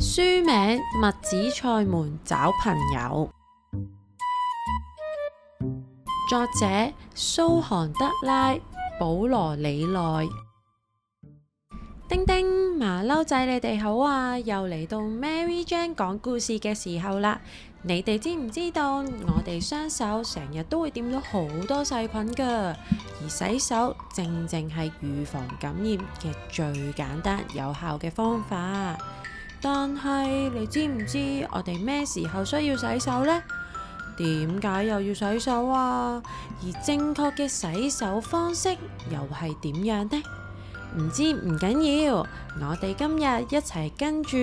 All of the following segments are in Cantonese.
書名《襪子賽門找朋友》，作者蘇韓德拉、保羅李內。叮叮、馬騮仔，你哋好啊！又嚟到 Mary Jane 講故事嘅時候啦。你哋知唔知道？我哋雙手成日都會掂咗好多細菌㗎，而洗手正正係預防感染嘅最簡單有效嘅方法。但係你知唔知我哋咩時候需要洗手呢？點解又要洗手啊？而正確嘅洗手方式又係點樣呢？唔知唔緊要，我哋今日一齊跟住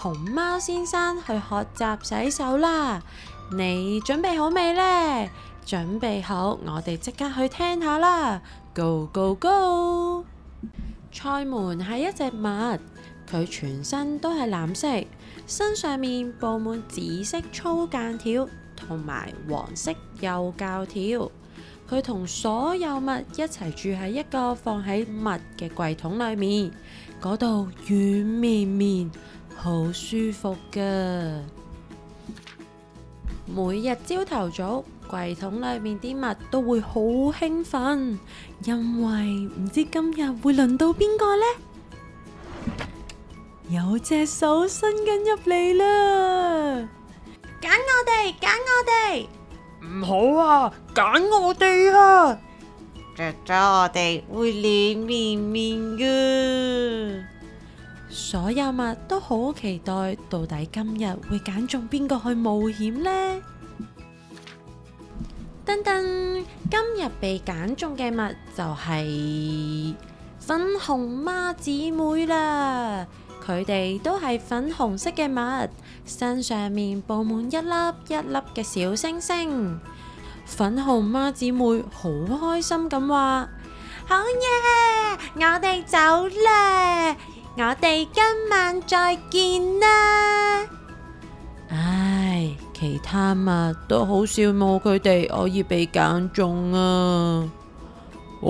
熊貓先生去學習洗手啦！你準備好未呢？準備好，我哋即刻去聽下啦！Go go go！賽門係一隻襪。佢全身都係藍色，身上面布滿紫色粗間條同埋黃色幼膠條。佢同所有襪一齊住喺一個放喺襪嘅櫃桶裏面，嗰度軟綿綿，好舒服噶。每日朝頭早，櫃桶裏面啲襪都會好興奮，因為唔知今日會輪到邊個呢。有隻手伸緊入嚟啦！揀我哋，揀我哋！唔好啊，揀我哋啊！着咗我哋會暖綿綿噶。所有物都好期待，到底今日會揀中邊個去冒險呢？噔噔，今日被揀中嘅物就係粉紅孖姊妹啦！佢哋都係粉紅色嘅襪，身上面布滿一粒一粒嘅小星星。粉紅孖姊妹好開心咁話：好嘢！我哋走啦，我哋今晚再見啦。唉，其他襪都好羨慕佢哋可以被揀中啊。唉，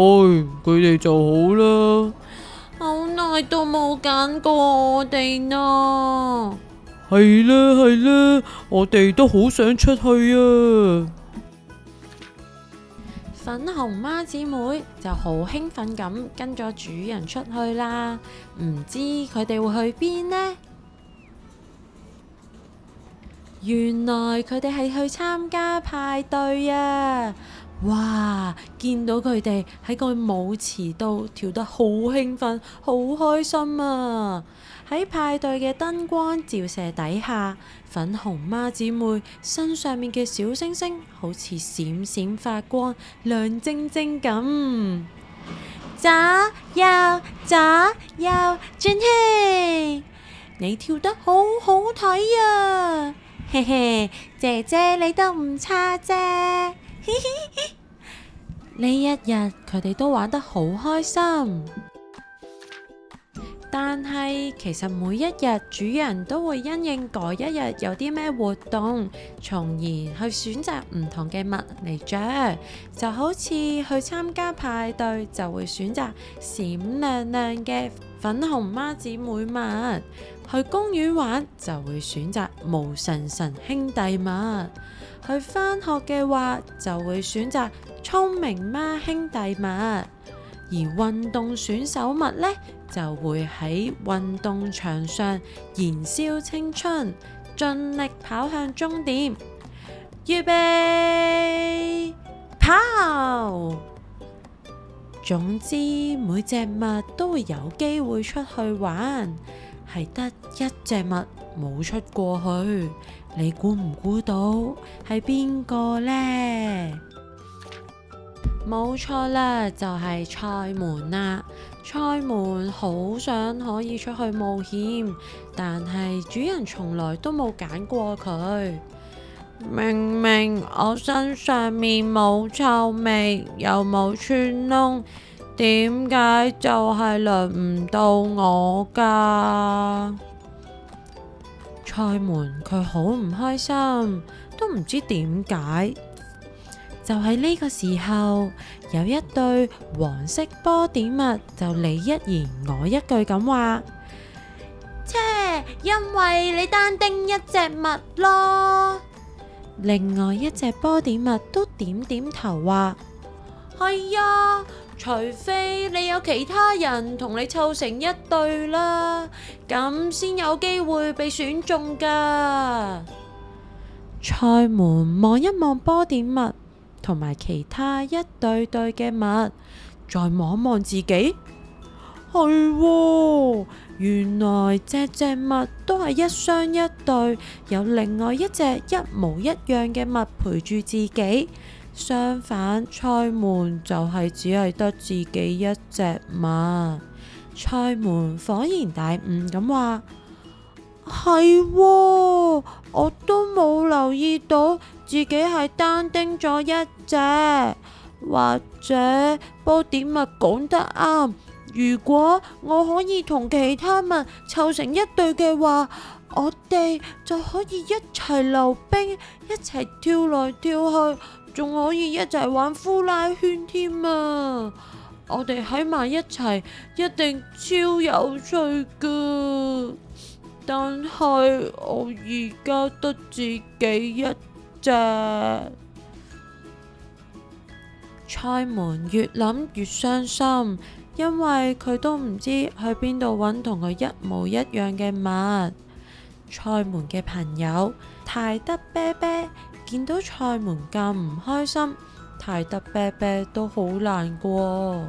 佢哋就好啦。係都冇揀過我哋咯，係啦係啦，我哋都好想出去啊！粉紅媽姊妹就好興奮咁跟咗主人出去啦，唔知佢哋會去邊呢？原來佢哋係去參加派對啊！哇！見到佢哋喺個舞池度跳得好興奮，好開心啊！喺派對嘅燈光照射底下，粉紅孖姊妹身上面嘅小星星好似閃閃發光，亮晶晶咁。左右左右轉圈，你跳得好好睇啊！嘿嘿，姐姐你都唔差啫、啊、～呢 一日佢哋都玩得好開心，但係其實每一日主人都會因應嗰一日有啲咩活動，從而去選擇唔同嘅襪嚟着，就好似去參加派對就會選擇閃亮亮嘅粉紅孖子妹襪，去公園玩就會選擇毛神神兄弟襪。去返學嘅話，就會選擇聰明孖兄弟襪；而運動選手襪呢，就會喺運動場上燃燒青春，盡力跑向終點。預備，跑！總之，每隻襪都會有機會出去玩。係得一隻襪冇出過去，你估唔估到係邊個呢？冇錯啦，就係、是、賽門啦。賽門好想可以出去冒險，但係主人從來都冇揀過佢。明明我身上面冇臭味，又冇穿窿。點解就係輪唔到我噶？賽門佢好唔開心，都唔知點解。就喺呢個時候，有一對黃色波點襪就你一言我一句咁話，切，因為你單丁一隻襪咯。另外一隻波點襪都點點頭話係呀。除非你有其他人同你湊成一對啦，咁先有機會被選中噶。賽門望一望波點襪，同埋其他一對對嘅襪，再望望自己，係、哦，原來隻隻襪都係一雙一對，有另外一隻一模一樣嘅襪陪住自己。相反，賽門就係只係得自己一隻嘛。賽門恍然大悟咁話：係喎，我都冇留意到自己係單丁咗一隻，或者波點襪講得啱。如果我可以同其他襪湊成一對嘅話，我哋就可以一齊溜冰，一齊跳來跳去。仲可以一齊玩呼拉圈添啊！我哋喺埋一齊，一定超有趣噶。但係我而家得自己一隻。賽門越諗越傷心，因為佢都唔知去邊度揾同佢一模一樣嘅襪。賽門嘅朋友泰德啤啤，見到賽門咁唔開心，泰德啤啤都好難過。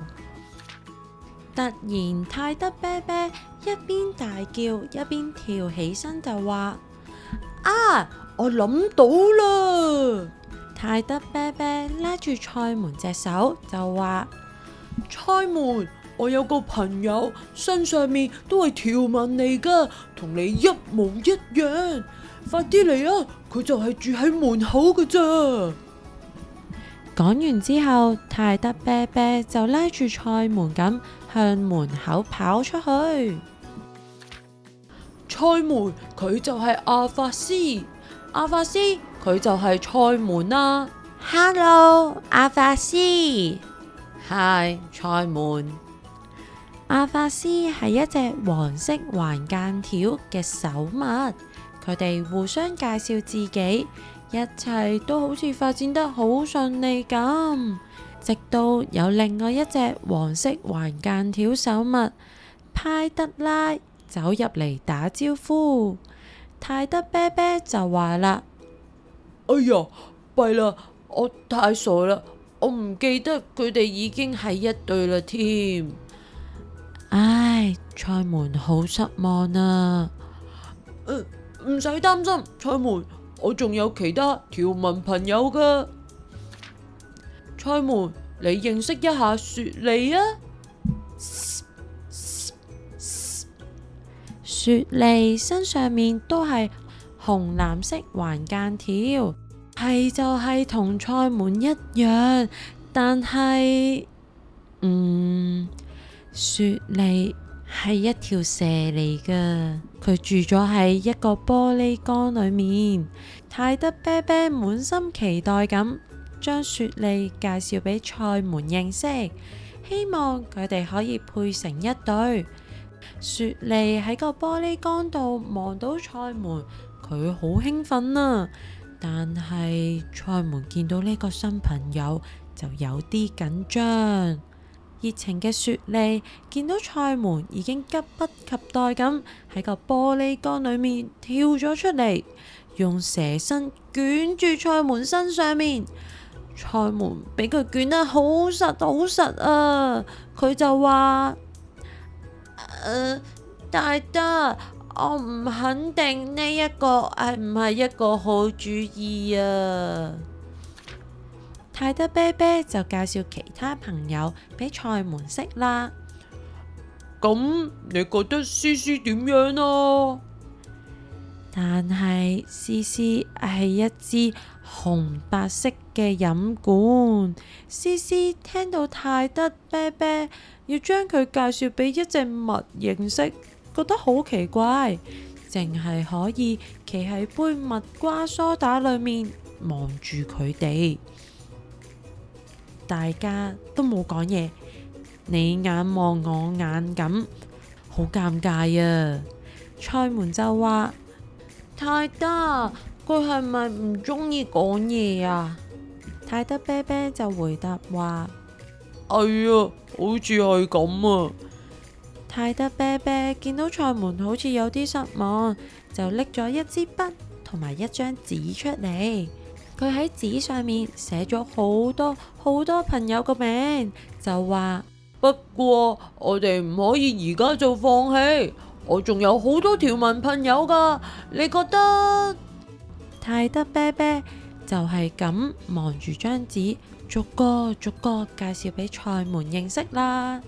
突然，泰德啤啤一邊大叫，一邊跳起身就話：啊，我諗到啦！泰德啤啤拉住賽門隻手就話：賽門，我有個朋友身上面都係條紋嚟㗎，同你一模一樣。快啲嚟啊！佢就係住喺門口嘅咋。講完之後，泰德啤啤就拉住賽門咁向門口跑出去。賽門，佢就係阿法斯。阿法斯，佢就係賽門啦、啊。Hello，阿法斯。Hi，賽門。阿法斯係一隻黃色橫間條嘅手物。佢哋互相介紹自己，一切都好似發展得好順利咁。直到有另外一隻黃色橫間條手物派德拉走入嚟打招呼，泰德啤啤就話啦，哎呀，弊啦，我太傻啦，我唔記得佢哋已經係一對啦添。唉，賽門好失望啊！呃唔使擔心，賽門，我仲有其他條紋朋友㗎。賽門，你認識一下雪莉啊？雪莉身上面都係紅藍色橫間條，係就係同賽門一樣，但係，嗯，雪莉。係一條蛇嚟噶，佢住咗喺一個玻璃缸裏面。泰德啤啤滿心期待咁，將雪莉介紹俾賽門認識，希望佢哋可以配成一對。雪莉喺個玻璃缸度望到賽門，佢好興奮啊！但係賽門見到呢個新朋友就有啲緊張。熱情嘅雪莉見到賽門已經急不及待咁喺個玻璃缸裏面跳咗出嚟，用蛇身捲住賽門身上面，賽門俾佢捲得好實好實啊！佢就話：呃，大德，我唔肯定呢一個係唔係一個好主意啊！泰德啤啤就介紹其他朋友俾賽門識啦。咁你覺得思思點樣啊？但係思思係一支紅白色嘅飲管。思思聽到泰德啤啤要將佢介紹俾一隻襪認識，覺得好奇怪，淨係可以企喺杯蜜瓜梳打裏面望住佢哋。大家都冇講嘢，你眼望我眼咁，好尷尬啊！賽門就話：泰德佢係咪唔鍾意講嘢啊？泰德啤啤就回答話：哎呀，好似係咁啊！泰德啤啤見到賽門好似有啲失望，就拎咗一支筆同埋一張紙出嚟。佢喺紙上面寫咗好多好多朋友嘅名，就話：不過我哋唔可以而家就放棄，我仲有好多條紋朋友㗎。你覺得泰德啤啤就係咁望住張紙，逐個逐個介紹俾賽門認識啦。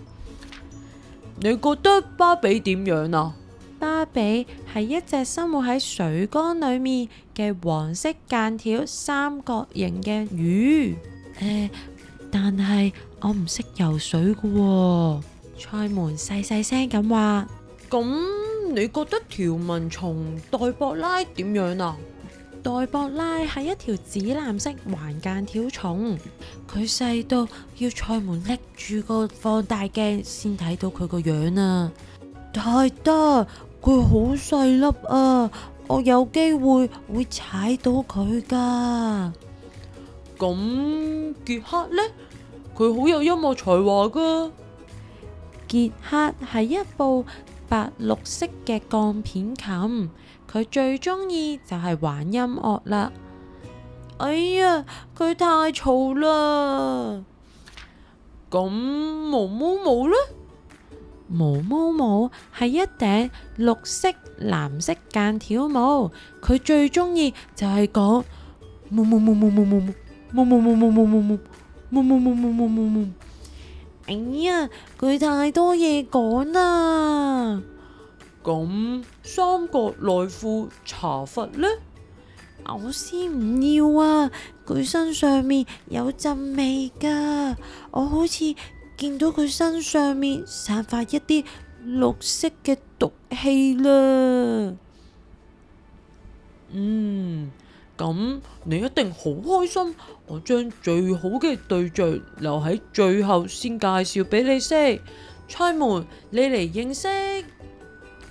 你覺得芭比點樣啊？芭比。係一隻生活喺水缸裏面嘅黃色間條三角形嘅魚，誒，但係我唔識游水噶。賽門細細聲咁話：咁你覺得條紋蟲黛博拉點樣啊？黛博拉係一條紫藍色橫間條蟲，佢細到要賽門拎住個放大鏡先睇到佢個樣啊！太多。佢好細粒啊！我有機會會踩到佢噶。咁，傑、嗯、克呢？佢好有音樂才華噶。傑克係一部白綠色嘅鋼片琴，佢最中意就係玩音樂啦。哎呀，佢太嘈啦！咁、嗯、毛毛毛呢？毛毛毛係一頂綠色藍色間條帽，佢最中意就係講毛毛毛毛毛毛毛毛毛毛毛毛毛毛毛毛毛毛，哎呀，佢太多嘢講啦！咁三角內褲查佛呢，我先唔要啊！佢身上面有陣味噶，我好似。見到佢身上面散發一啲綠色嘅毒氣啦，嗯，咁你一定好開心。我將最好嘅對象留喺最後先介紹俾你識，賽門，你嚟認識，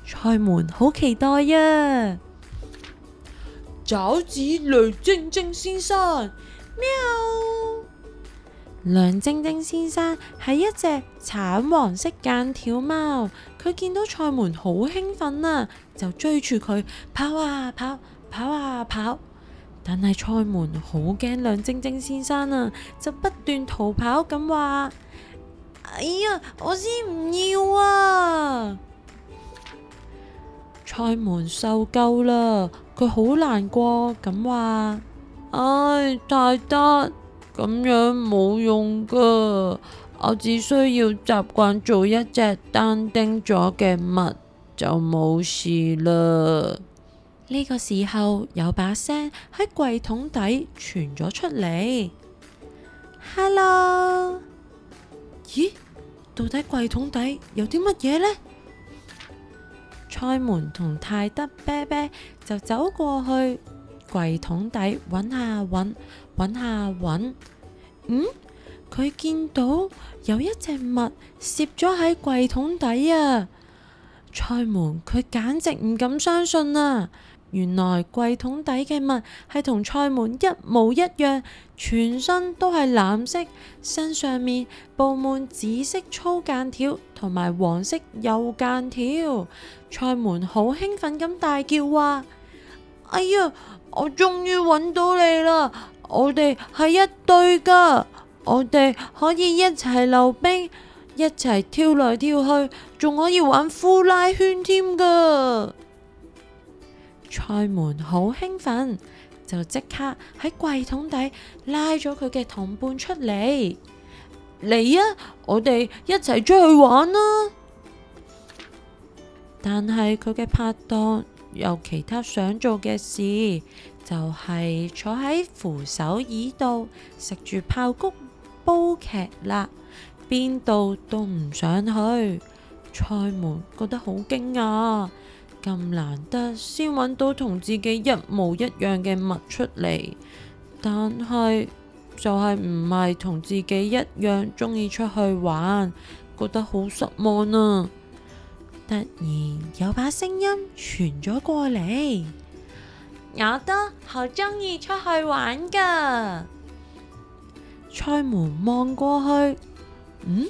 賽門好期待呀，啊！爪子雷晶晶先生，喵。梁晶晶先生係一隻橙黃色間條貓，佢見到賽門好興奮啊，就追住佢跑啊跑，跑啊跑。但係賽門好驚梁晶晶先生啊，就不斷逃跑咁話，哎呀，我先唔要啊！賽門受夠啦，佢好難過咁話，唉、哎，大多。咁樣冇用噶，我只需要習慣做一隻單丁咗嘅物就冇事啦。呢個時候有把聲喺櫃桶底傳咗出嚟，Hello，咦？到底櫃桶底有啲乜嘢呢？賽門同泰德啤啤就走過去櫃桶底揾下揾。揾下揾，嗯，佢見到有一隻襪攝咗喺櫃桶底啊！賽門佢簡直唔敢相信啊！原來櫃桶底嘅襪係同賽門一模一樣，全身都係藍色，身上面布滿紫色粗間條同埋黃色幼間條。賽門好興奮咁大叫話：話哎呀，我終於揾到你啦！我哋係一對噶，我哋可以一齊溜冰，一齊跳來跳去，仲可以玩呼拉圈添噶。賽門好興奮，就即刻喺櫃桶底拉咗佢嘅同伴出嚟，嚟啊！我哋一齊出去玩啦，啊！但係佢嘅拍檔有其他想做嘅事。就係坐喺扶手椅度食住爆谷煲劇啦，邊度都唔想去。賽門覺得好驚訝，咁難得先搵到同自己一模一樣嘅物出嚟，但係就係唔係同自己一樣鍾意出去玩，覺得好失望啊！突然有把聲音傳咗過嚟。我都好中意出去玩噶。賽門望過去，嗯，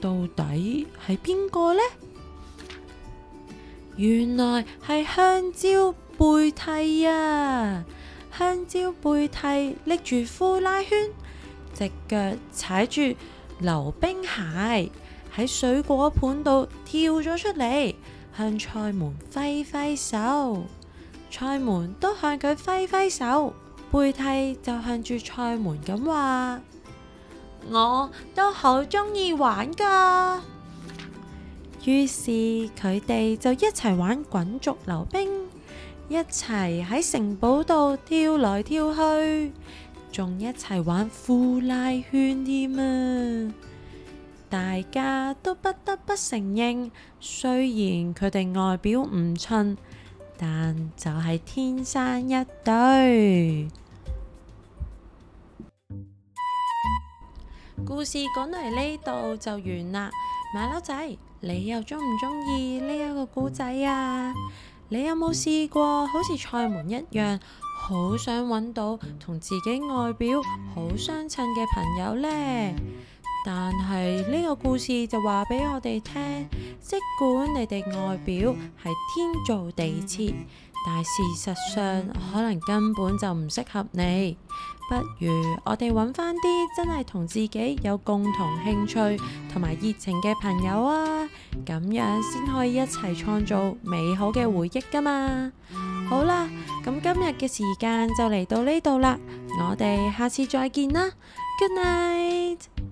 到底係邊個呢？原來係香蕉貝蒂啊！香蕉貝蒂拎住呼拉圈，隻腳踩住溜冰鞋，喺水果盤度跳咗出嚟，向賽門揮揮手。賽門都向佢揮揮手，貝蒂就向住賽門咁話：我都好中意玩噶。於是佢哋就一齊玩滾軸溜冰，一齊喺城堡度跳來跳去，仲一齊玩呼拉圈添啊！大家都不得不承認，雖然佢哋外表唔襯。但就係天生一對。故事講嚟呢度就完啦，馬騮仔，你又鍾唔鍾意呢一個故仔啊？你有冇試過好似賽門一樣，好想揾到同自己外表好相襯嘅朋友呢？但係呢個故事就話俾我哋聽，即管你哋外表係天造地設，但係事實上可能根本就唔適合你。不如我哋揾返啲真係同自己有共同興趣同埋熱情嘅朋友啊，咁樣先可以一齊創造美好嘅回憶㗎嘛。好啦，咁今日嘅時間就嚟到呢度啦，我哋下次再見啦，Good night。